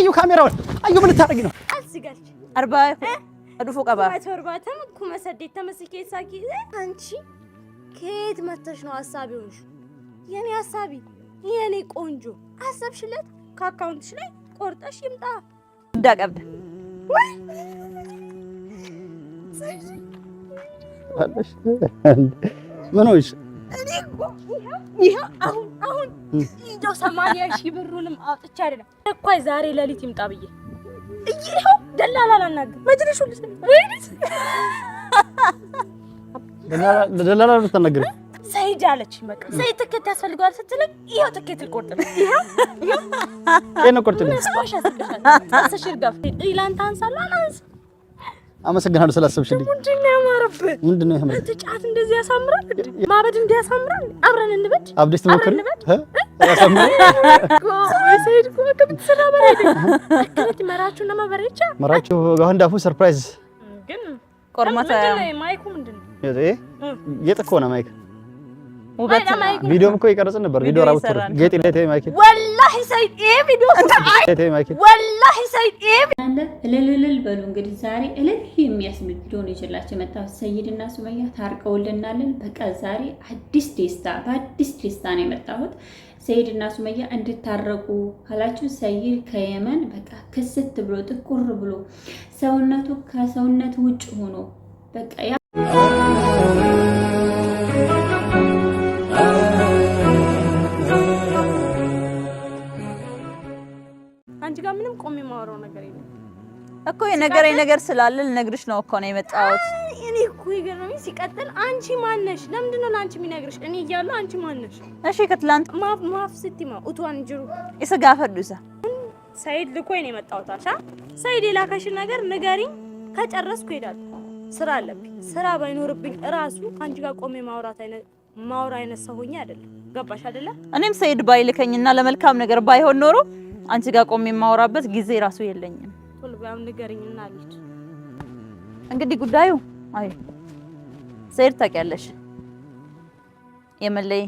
አዩ ካሜራውን አዩ፣ ምን ልታደርጊ ነው? አርባ አዱፎ ቀባ አንቺ ከየት መተሽ ነው ሀሳቢ ሆንሽ? የኔ ሀሳቢ የኔ ቆንጆ አሰብሽለት፣ ከአካውንትሽ ላይ ቆርጠሽ ይምጣ። እንዳቀብድ ምን ሆንሽ? እኔ እኮ አሁን አሁን እንደው ሰማንያ ሺህ ብሩንም አውጥቼ አይደለም እኮ ዛሬ ሌሊት ይምጣ ብዬ ይኸው ደላላ ላናግር መድረሹ ደላላ ልታናግር ሰይድ አለችኝ። በቃ ሰይድ ትኬት ያስፈልገዋል ስትለኝ ይኸው ትኬት ልቆርጥ ነው። ይኸው ይኸው ቆርጥ ነው። ስማሽ ያስቀሻል ስሽር ጋር አንሳለሁ አላንስ አመሰግናለሁ ስላሰብሽልኝ። ምንድን ነው ያማረብህ? ምንድን ነው ያማረብህ? ጫት እንደዚህ ያሳምራል እንዴ? ማበድ እንዲህ ያሳምራል? አብረን እንበድ። አብዴስ ትሞክሪ ያሳምራል እኮ ሰይድ እኮ በቃ ብትሰራ በላይ ከለት መራችሁ እና ማበረቻ መራችሁ ጋንዳፉ ሰርፕራይዝ ግን ቆርማታ ማይኩ ምንድን ነው? የት ነው ማይክ ቪዲዮም እኮ ይቀርጽን ነበር። ቪዲዮ ራቡት ጌጥ ለቴ ማይክ ወላሂ ሰይድ ይሄ ቪዲዮ ለቴ ማይክ ወላሂ ሰይድ ይሄ አንደ እልልልል በሉ እንግዲህ ዛሬ እልል የሚያስብል ቪዲዮ ነው ይችላችሁ የመጣሁት። ሰይድና ሱመያ ታርቀውልናልን። በቃ ዛሬ አዲስ ደስታ፣ በአዲስ ደስታ ነው የመጣሁት። እና ሱመያ እንድታረቁ ካላችሁ ሰይድ ከየመን በቃ ክስት ብሎ ጥቁር ብሎ ሰውነቱ ከሰውነት ውጭ ሆኖ በቃ ያ የማወራው ነገር የለም እኮ የነገረኝ ነገር ስላለ ልነግርሽ ነው እኮ ነው የመጣሁት። እኔ እኮ ይገርመኝ። ሲቀጥል አንቺ ማነሽ? ለምንድን ነው ለአንቺ የሚነግርሽ? እኔ እያለሁ አንቺ ማነሽ? እሺ ከትላንት ማፍ ማፍ ስትማ ኡቷን ጅሩ የስጋ ፈዱሰ ሰይድ ልኮኝ ነው የመጣሁት። አሻ ሰይድ የላከሽን ነገር ንገሪኝ፣ ከጨረስኩ እሄዳለሁ። ስራ አለብኝ። ስራ ባይኖርብኝ እራሱ ከአንቺ ጋር ቆሜ ማውራት አይነት ማውራ አይነት ሰው ሆኜ አይደለም። ገባሽ አይደለ? እኔም ሰይድ ባይልከኝና ለመልካም ነገር ባይሆን ኖሮ አንቺ ጋር ቆሜ የማወራበት ጊዜ ራሱ የለኝም። እንግዲህ ጉዳዩ አይ ሰይድ ታውቂያለሽ፣ የመለይ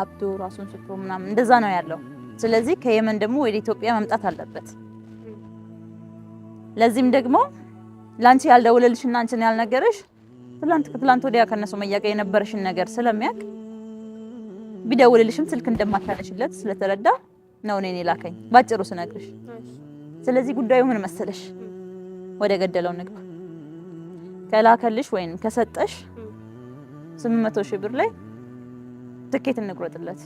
አብዶ ራሱን ስቶ ምናምን እንደዛ ነው ያለው። ስለዚህ ከየመን ደግሞ ወደ ኢትዮጵያ መምጣት አለበት። ለዚህም ደግሞ ላንቺ ያልደወለልሽና አንቺን ያልነገረሽ ትላንት ከትላንት ወዲያ ከነሱ መያቀ የነበረሽን ነገር ስለሚያውቅ ቢደውልልሽም ስልክ እንደማታነሽለት ስለተረዳ ነው እኔ ላከኝ ባጭሩ ስነግርሽ። ስለዚህ ጉዳዩ ምን መሰለሽ፣ ወደ ገደለው ንግባ። ከላከልሽ ወይም ከሰጠሽ 800 ሺህ ብር ላይ ትኬት እንቁረጥለት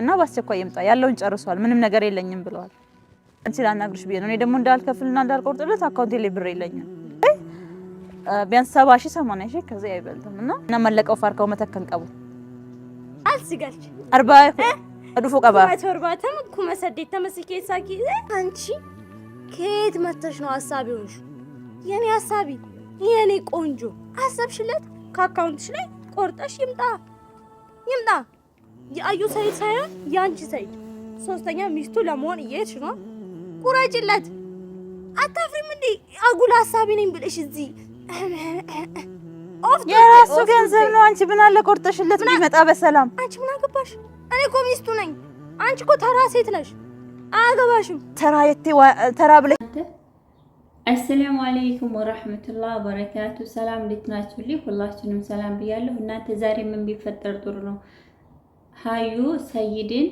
እና በአስቸኳይ ይምጣ። ያለውን ጨርሷል፣ ምንም ነገር የለኝም ብለዋል። አንቺ ላናግርሽ ብዬ ነው። እኔ ደግሞ እንዳልከፍልና እንዳልቆርጥለት አካውንቴ ላይ ብር የለኝም። ቢያንስ 70 ሺህ 80 ሺህ ከዚህ አይበልጥም እና እና መለቀው ፋርካው መተከን ቀቡ አልሲጋልች 40 dhufu ቀባ kuma torbaatama kuma saddeettama si keessaa ከየት መተሽ ነው ሀሳብ ሆንሽ? የኔ ሀሳቢ የኔ ቆንጆ አሰብሽለት ከአካውንትሽ ላይ ቆርጠሽ ይምጣ ይምጣ። የአዩ ሰይድ ሳይሆን የአንቺ ሰይድ ሶስተኛ ሚስቱ ለመሆን እየሄድሽ ነው። ቁረጭለት። አታፍሪም እንዴ? አጉል ሀሳቢ ነኝ ብለሽ እዚህ የራሱ ገንዘብ ነው። አንቺ ምን አለ ቆርጠሽለት ቢመጣ በሰላም። አንቺ ምን አገባሽ? እኔ እኮ ሚስቱ ነኝ። አንቺ እኮ ተራ ሴት ነሽ፣ አያገባሽም። ተራ የቴ ተራ ብለሽ አሰላሙ አለይኩም ወራህመቱላህ በረካቱ። ሰላም እንዴት ናችሁ? ሁላችንም ሰላም ብያለሁ። እናንተ ዛሬ ምን ቢፈጠር ጥሩ ነው? ሀዩ ሰይድን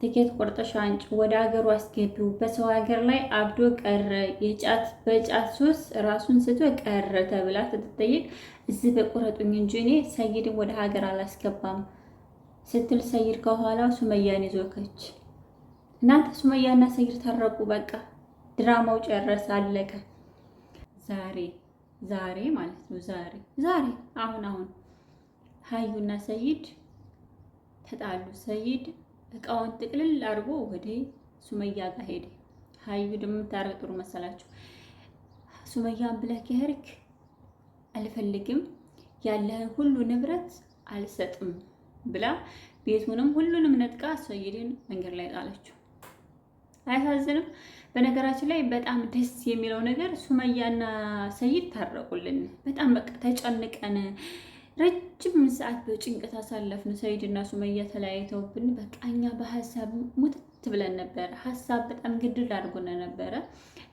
ትኬት ቆርጠሽ አንጭ፣ ወደ ሀገሩ አስገቢው። በሰው ሀገር ላይ አብዶ ቀረ፣ የጫት በጫት ሱስ ራሱን ስቶ ቀረ ተብላ ስትጠይቅ እዚህ በቁረጡኝ እንጂ እኔ ሰይድን ወደ ሀገር አላስገባም ስትል ሰይድ ከኋላ ሱመያን ይዞከች። እናንተ ሱመያና ሰይድ ታረቁ፣ በቃ ድራማው ጨረሰ፣ አለቀ። ዛሬ ዛሬ ማለት ነው ዛሬ ዛሬ አሁን አሁን ሀዩና ሰይድ ተጣሉ። ሰይድ እቃውን ጥቅልል አድርጎ ወደ ሱመያ ጋር ሄደ። ሀዩ ደግሞ የምታረቅ ጥሩ መሰላችሁ። ሱመያን ብለህ ከሄድክ አልፈልግም፣ ያለህን ሁሉ ንብረት አልሰጥም ብላ ቤቱንም ሁሉንም ነጥቃ ሰይድን መንገድ ላይ ጣለችው። አያሳዝንም? በነገራችን ላይ በጣም ደስ የሚለው ነገር ሱመያና ሰይድ ታረቁልን። በጣም በቃ ተጨንቀን ረጅም ሰዓት በጭንቀት አሳለፍን። ሰይድና ሱመያ ተለያይተውብን በቃ እኛ በሀሳብ ሙትት ብለን ነበረ። ሀሳብ በጣም ግድል አድርጎን ነበረ።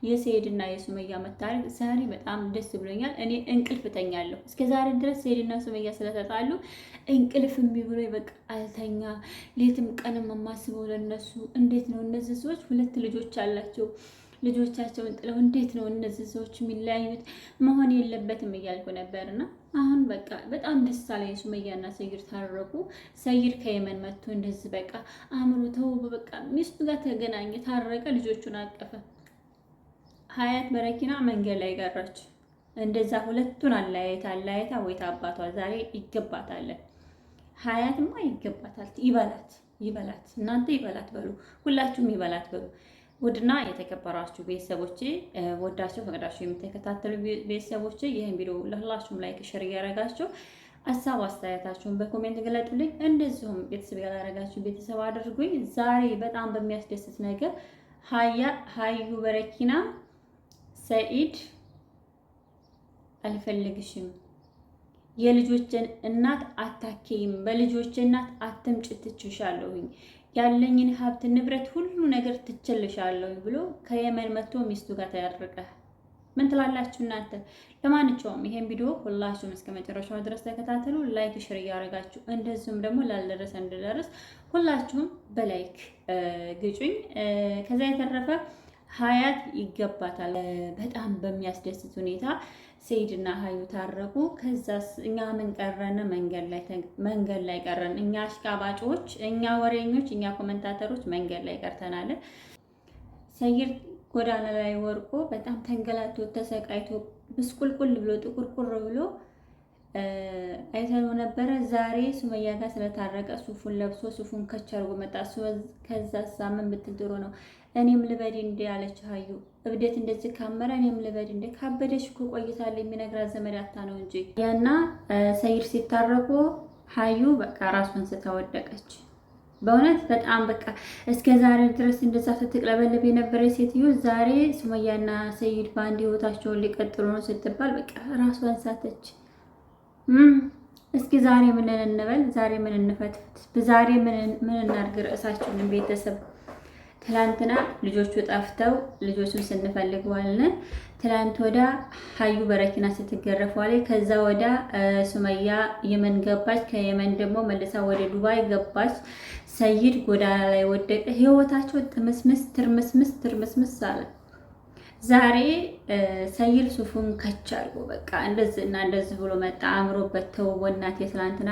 የሰይድና የሱመያ መታረቅ ዛሬ በጣም ደስ ብሎኛል። እኔ እንቅልፍ እተኛለሁ። እስከ ዛሬ ድረስ ሰይድና ሱመያ ስለተጣሉ እንቅልፍ የሚብሎ በቃ አልተኛ። ሌትም ቀንም የማስበው ለነሱ እንዴት ነው እነዚህ ሰዎች ሁለት ልጆች አላቸው ልጆቻቸውን ጥለው እንዴት ነው እነዚህ ሰዎች የሚለያዩት? መሆን የለበትም እያልኩ ነበርና አሁን በቃ በጣም ደስ አለኝ። ሱመያና ሰይር ታረቁ። ሰይር ከየመን መጥቶ እንደዚህ በቃ አእምሮ ተውቦ በቃ ሚስቱ ጋር ተገናኘ፣ ታረቀ፣ ልጆቹን አቀፈ። ሀያት በረኪና መንገድ ላይ ቀረች። እንደዛ ሁለቱን አለያየት አለያየታ ወይታ አባቷ ዛሬ ይገባታለን። ሀያትማ ይገባታል። ይበላት ይበላት፣ እናንተ ይበላት በሉ፣ ሁላችሁም ይበላት በሉ። ውድና የተከበራችሁ ቤተሰቦች ወዳችሁ ፈቅዳችሁ የምትከታተሉ ቤተሰቦች ይህን ቪዲዮ ለሁላችሁም ላይክ ሸር እያደረጋችሁ ሀሳብ አስተያየታችሁን በኮሜንት ገለጡልኝ። እንደዚሁም ቤተሰብ ያላደረጋችሁ ቤተሰብ አድርጉኝ። ዛሬ በጣም በሚያስደስት ነገር ሀዩ በረኪና ሰኢድ አልፈልግሽም፣ የልጆችን እናት አታኬይም፣ በልጆች እናት አትምጭ ትችሻለሁኝ ያለኝን ሀብት ንብረት ሁሉ ነገር ትችልሻለሁ ብሎ ከየመን መጥቶ ሚስቱ ጋር ተያርቀ። ምን ትላላችሁ እናንተ? ለማንኛውም ይሄን ቪዲዮ ሁላችሁም እስከ መጨረሻው ድረስ ተከታተሉ። ላይክ ሽር እያደረጋችሁ እንደዚሁም ደግሞ ላልደረሰ እንድደርስ ሁላችሁም በላይክ ግጩኝ። ከዛ የተረፈ ሀያት ይገባታል። በጣም በሚያስደስት ሁኔታ ሰይድና ሀዩ ታረቁ። ከዛስ እኛ ምን ቀረን? መንገድ ላይ ቀረን። እኛ አሽቃባጮች፣ እኛ ወሬኞች፣ እኛ ኮመንታተሮች መንገድ ላይ ቀርተናል። ሰይድ ጎዳና ላይ ወርቆ በጣም ተንገላቶ ተሰቃይቶ ብስቁልቁል ብሎ ጥቁርቁር ብሎ አይተነው ነበረ። ዛሬ ሱመያ ጋር ስለታረቀ ሱፉን ለብሶ ሱፉን ከች አድርጎ መጣ። ከዛ ሳምን ብትል ጥሩ ነው። እኔም ልበድ እንዴ አለች ሀዩ። እብደት እንደዚህ ካመረ እኔም ልበድ እንዴ ካበደሽ እኮ ቆይታል። የሚነግራት ዘመድ አታ ነው እንጂ ያና ሰይድ ሲታረቁ ሀዩ በቃ ራሱን ስታወደቀች በእውነት በጣም በቃ እስከ ዛሬ ድረስ እንደዛ ስትቅለበለብ የነበረ ሴትዮ ዛሬ ሱመያና ሰይድ በአንድ ህይወታቸውን ሊቀጥሉ ነው ስትባል በቃ ራሷን ሳተች። እስኪ ዛሬ ምን እንበል? ዛሬ ምን እንፈትፍት? ዛሬ ምን እናድርግ? ርዕሳችንን ቤተሰብ ትላንትና ልጆቹ ጠፍተው ልጆቹን ስንፈልግ ዋልን። ትላንት ወዳ ሀዩ በረኪና ስትገረፍ ዋለ። ከዛ ወዳ ሱመያ የመን ገባች። ከየመን ደግሞ መልሳ ወደ ዱባይ ገባች። ሰይድ ጎዳና ላይ ወደቀ። ህይወታቸው ትምስምስ ትርምስምስ ትርምስምስ አለ። ዛሬ ሰይል ሱፉን ከች አድርጎ በቃ እንደዚህ እና እንደዚህ ብሎ መጣ አምሮበት። ተውቦ ወናት የትላንትና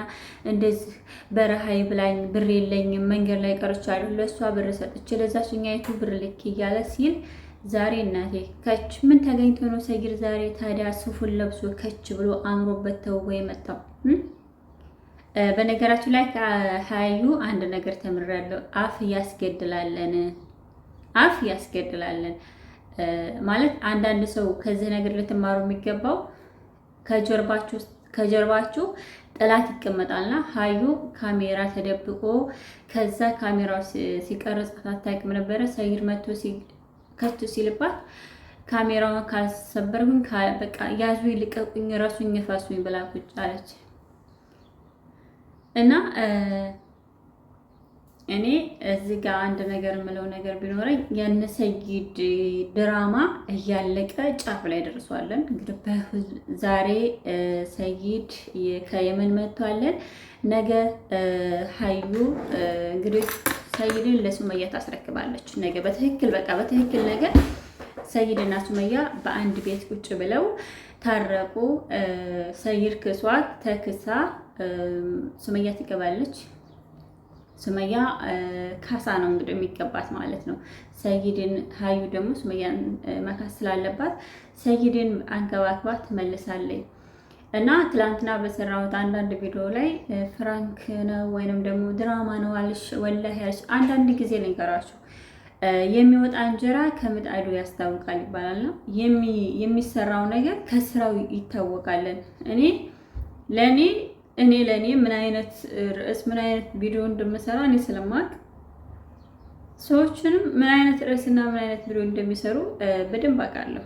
እንደዚህ በረሃይ ብላኝ ብር የለኝም መንገድ ላይ ቀርቻለሁ፣ ለእሷ ብር ሰጥቼ ለዛችኛይቱ ብር ልክ እያለ ሲል ዛሬ እናቴ ከች ምን ተገኝቶ ነው ሰይል ዛሬ ታዲያ ሱፉን ለብሶ ከች ብሎ አምሮበት ተውቦ ወይ መጣው። በነገራችሁ ላይ ከሀዩ አንድ ነገር ተምሬያለሁ። አፍ ያስገድላለን፣ አፍ ያስገድላለን ማለት አንዳንድ ሰው ከዚህ ነገር ልትማሩ የሚገባው ከጀርባችሁ ጠላት ይቀመጣልና ሀዩ ካሜራ ተደብቆ ከዛ ካሜራው ሲቀርጽ አታውቅም ነበረ። ሰይድ መቶ ከቱ ሲልባት ካሜራውን ካልሰበርኩኝ በቃ ያዙ ልቀቁኝ፣ ረሱኝ፣ ፈሱኝ ብላ ቁጭ አለች እና እኔ እዚህ ጋር አንድ ነገር የምለው ነገር ቢኖረኝ ያነ ሰይድ ድራማ እያለቀ ጫፍ ላይ ደርሷለን። እንግዲህ ዛሬ ሰይድ ከየመን መጥቷለን። ነገ ሀዩ እንግዲህ ሰይድን ለሱመያ ታስረክባለች። ነገ በትክክል በቃ በትክክል ነገ ሰይድና ሱመያ በአንድ ቤት ቁጭ ብለው ታረቁ። ሰይድ ክሷት ተክሳ ሱመያ ትገባለች። ሱመያ ካሳ ነው እንግዲህ የሚገባት ማለት ነው። ሰይድን ሀዩ ደግሞ ሱመያን መካስ ስላለባት ሰይድን አንከባክባት ትመልሳለች። እና ትላንትና በሰራሁት አንዳንድ ቪዲዮ ላይ ፍራንክ ነው ወይንም ደግሞ ድራማ ነው አልሽ፣ ወላሂ አልሽ። አንዳንድ ጊዜ ልንገራችሁ የሚወጣ እንጀራ ከምጣዱ ያስታውቃል ይባላል ነው የሚሰራው ነገር ከስራው ይታወቃለን። እኔ ለእኔ እኔ ለእኔ ምን አይነት ርዕስ ምን አይነት ቪዲዮ እንደምሰራ እኔ ስለማቅ ሰዎችንም ምን አይነት ርዕስ እና ምን አይነት ቪዲዮ እንደሚሰሩ በደንብ አውቃለሁ።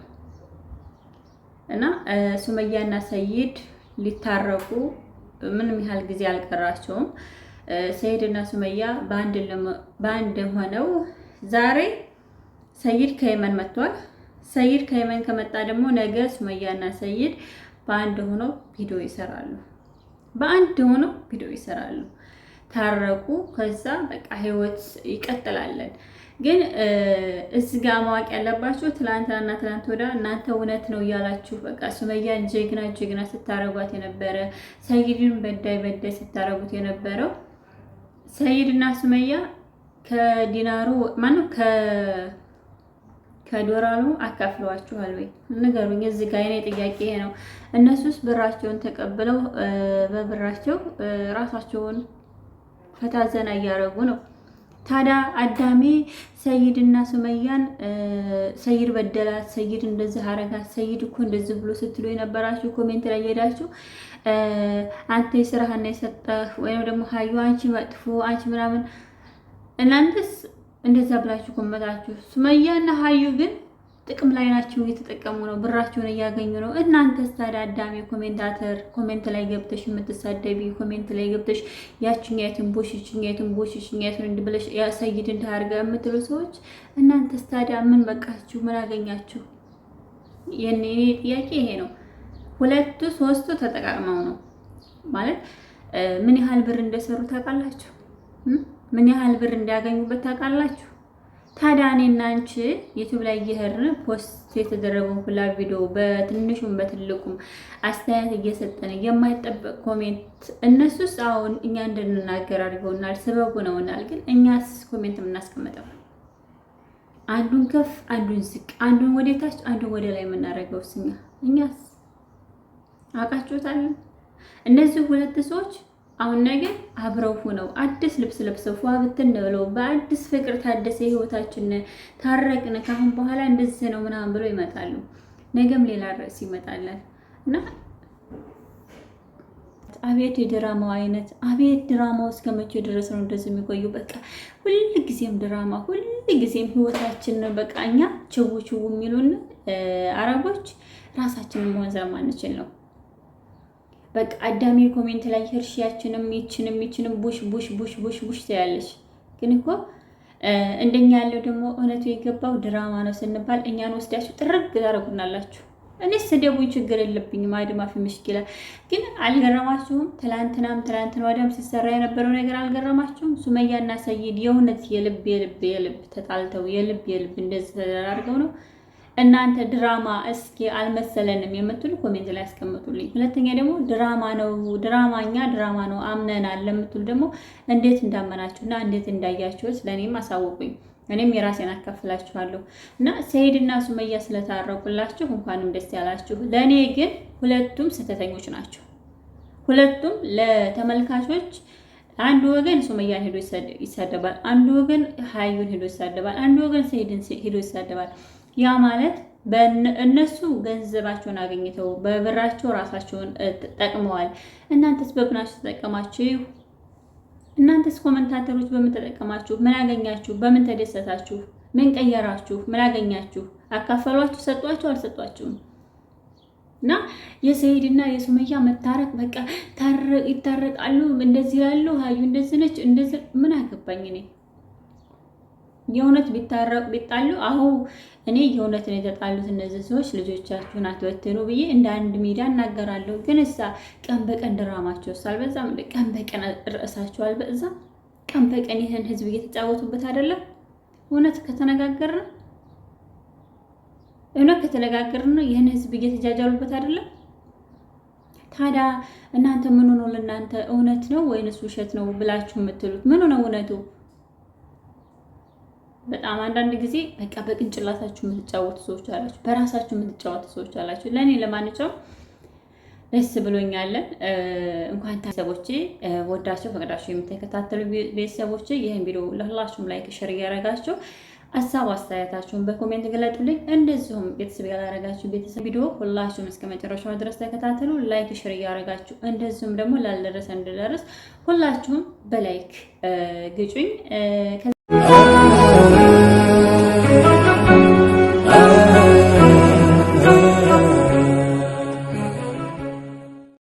እና ሱመያና ሰይድ ሊታረቁ ምንም ያህል ጊዜ አልቀራቸውም። ሰይድና ሱመያ በአንድ ሆነው ዛሬ ሰይድ ከየመን መጥቷል። ሰይድ ከየመን ከመጣ ደግሞ ነገ ሱመያና ሰይድ በአንድ ሆነው ቪዲዮ ይሰራሉ። በአንድ ሆነው ቪዲዮ ይሰራሉ፣ ታረቁ፣ ከዛ በቃ ህይወት ይቀጥላለን። ግን እዚህ ጋር ማወቅ ያለባችሁ ትላንትናና ትላንት ወዳ እናንተ እውነት ነው እያላችሁ በቃ ሱመያን ጀግና ጀግና ስታረጓት የነበረ ሰይድን በዳይ በዳይ ስታረጉት የነበረው ሰይድና ሱመያ ከዲናሩ ማነው ከዶላሩ አካፍለዋችኋል ወይ? ንገሩኝ። እዚህ ጋር የኔ ጥያቄ ይሄ ነው። እነሱስ ብራቸውን ተቀብለው በብራቸው ራሳቸውን ፈታዘና እያደረጉ ነው። ታዲያ አዳሜ እና ሱመያን ሰይድ በደላት፣ ሰይድ እንደዚህ አረጋት፣ ሰይድ እኮ እንደዚህ ብሎ ስትሉ የነበራችሁ ኮሜንት ላይ ሄዳችሁ አንተ የስራህና የሰጠህ ወይም ደግሞ ሀዩ አንቺ መጥፎ አንቺ ምናምን እናንተስ እንደዛ ብላችሁ ኮመታችሁ። እና ሀዩ ግን ጥቅም ላይ ናቸው፣ እየተጠቀሙ ነው፣ ብራችሁን እያገኙ ነው። እናንተስ ታዲያ አዳሜ ኮሜንታተር ኮሜንት ላይ ገብተሽ የምትሳደቢ ኮሜንት ላይ ገብተሽ ያችኛየትን ቦሽችኛየትን ቦሽችኛየትን እንድብለሽ ያሰይድ እንድታርገ የምትሉ ሰዎች እናንተስ ታዲያ ምን በቃችሁ? ምን አገኛችሁ? የኔ ጥያቄ ይሄ ነው። ሁለቱ ሶስቱ ተጠቃቅመው ነው ማለት ምን ያህል ብር እንደሰሩ ታውቃላችሁ? ምን ያህል ብር እንዲያገኙበት ታውቃላችሁ? ታዲያ እና አንቺ ዩቲዩብ ላይ እየሄድን ፖስት የተደረገውን ሁላ ቪዲዮ በትንሹም በትልቁም አስተያየት እየሰጠን የማይጠበቅ ኮሜንት እነሱስ አሁን እኛ እንድንናገር አድርገውናል፣ ስበቡ ነውናል። ግን እኛስ ኮሜንት የምናስቀምጠው አንዱን ከፍ አንዱን ዝቅ፣ አንዱን ወደታች አንዱን ወደ ላይ የምናደርገው እኛ እኛስ አውቃችሁታለን እነዚህ ሁለት ሰዎች አሁን ነገ አብረው ሆነው አዲስ ልብስ ለብሰው ፏ ብትን ብለው በአዲስ ፍቅር ታደሰ ህይወታችን ታረቅን፣ ካሁን በኋላ እንደዚህ ነው ምናምን ብለው ይመጣሉ። ነገም ሌላ ርዕስ ይመጣላል እና አቤት የድራማው አይነት! አቤት ድራማው እስከ መቼ ድረስ ነው እንደዚህ የሚቆዩ? በቃ ሁልጊዜም ድራማ፣ ሁልጊዜም ህይወታችን በቃ እኛ ችው ችው የሚሉን አረቦች ራሳችንን መሆን ስለማንችል ነው። በቃ አዳሚ ኮሜንት ላይ ህርሽያችንም ይችንም ይችንም ቡሽ ቡሽ ቡሽ ቡሽ ቡሽ ትያለች። ግን እኮ እንደኛ ያለው ደግሞ እውነቱ የገባው ድራማ ነው ስንባል እኛን ወስዳችሁ ጥርግ ታደርጉናላችሁ። እኔ ስደቡኝ ችግር የለብኝም። አድማፊ ምሽኪላ ግን አልገረማችሁም? ትላንትናም ትላንትና ወዲያም ሲሰራ የነበረው ነገር አልገረማችሁም? ሱመያና ሰይድ የእውነት የልብ የልብ የልብ ተጣልተው የልብ የልብ እንደዚህ ተደራርገው ነው እናንተ ድራማ እስኪ አልመሰለንም የምትሉ ኮሜንት ላይ ያስቀምጡልኝ። ሁለተኛ ደግሞ ድራማ ነው ድራማኛ ድራማ ነው አምነናል ለምትሉ ደግሞ እንዴት እንዳመናችሁ እና እንዴት እንዳያችሁት ለእኔም አሳውቁኝ። እኔም የራሴን አካፍላችኋለሁ እና ሰይድና ሱመያ ስለታረቁላችሁ እንኳንም ደስ ያላችሁ። ለእኔ ግን ሁለቱም ስህተተኞች ናቸው። ሁለቱም ለተመልካቾች አንድ ወገን ሱመያን ሄዶ ይሳደባል፣ አንዱ ወገን ሀዩን ሄዶ ይሳደባል፣ አንዱ ወገን ሰይድን ሄዶ ይሳደባል። ያ ማለት እነሱ ገንዘባቸውን አገኝተው በብራቸው ራሳቸውን ጠቅመዋል። እናንተስ በምናችሁ ተጠቀማችሁ? እናንተስ ኮመንታተሮች በምን ተጠቀማችሁ? ምን አገኛችሁ? በምን ተደሰታችሁ? ምን ቀየራችሁ? ምን አገኛችሁ? አካፈሏችሁ? ሰጧችሁ? አልሰጧችሁም? እና የሰይድ እና የሱመያ መታረቅ በቃ ይታረቃሉ፣ እንደዚህ ያሉ ሀዩ እንደዚህ ነች፣ እንደዚህ ምን አገባኝ እኔ የእውነት ቢታረቁ ቢጣሉ፣ አሁ እኔ የእውነት ነው የተጣሉት እነዚህ ሰዎች ልጆቻችሁን አትበትኑ ብዬ እንደ አንድ ሚዲያ እናገራለሁ። ግን እሳ ቀን በቀን ድራማቸውስ አልበዛም? ቀን በቀን ርዕሳቸው አልበዛም? ቀን በቀን ይህን ህዝብ እየተጫወቱበት አይደለም? እውነት ከተነጋገርን እውነት ነው ይህን ህዝብ እየተጃጃሉበት አይደለም? ታዲያ እናንተ ምኑ ነው ለእናንተ እውነት ነው ወይንስ ውሸት ነው ብላችሁ የምትሉት ምኑ ነው እውነቱ? በጣም አንዳንድ ጊዜ በቃ በቅንጭላታችሁ የምትጫወቱ ሰዎች አላችሁ፣ በራሳችሁ የምትጫወቱ ሰዎች አላችሁ። ለእኔ ለማንኛውም ደስ ብሎኛለን። እንኳን ቤተሰቦቼ ወዳቸው ፈቅዳቸው የምትከታተሉ ቤተሰቦቼ ይህን ቪዲዮ ለሁላችሁም ላይክ፣ ሸር እያደረጋችሁ ሀሳብ አስተያየታችሁን በኮሜንት ገለጡልኝ። እንደዚሁም ቤተሰብ ያላረጋችሁ ቤተሰብ ቪዲዮ ሁላችሁም እስከ መጨረሻው ድረስ ተከታተሉ። ላይክ ሽር እያረጋችሁ እንደዚሁም ደግሞ ላልደረሰ እንድደርስ ሁላችሁም በላይክ ግጩኝ።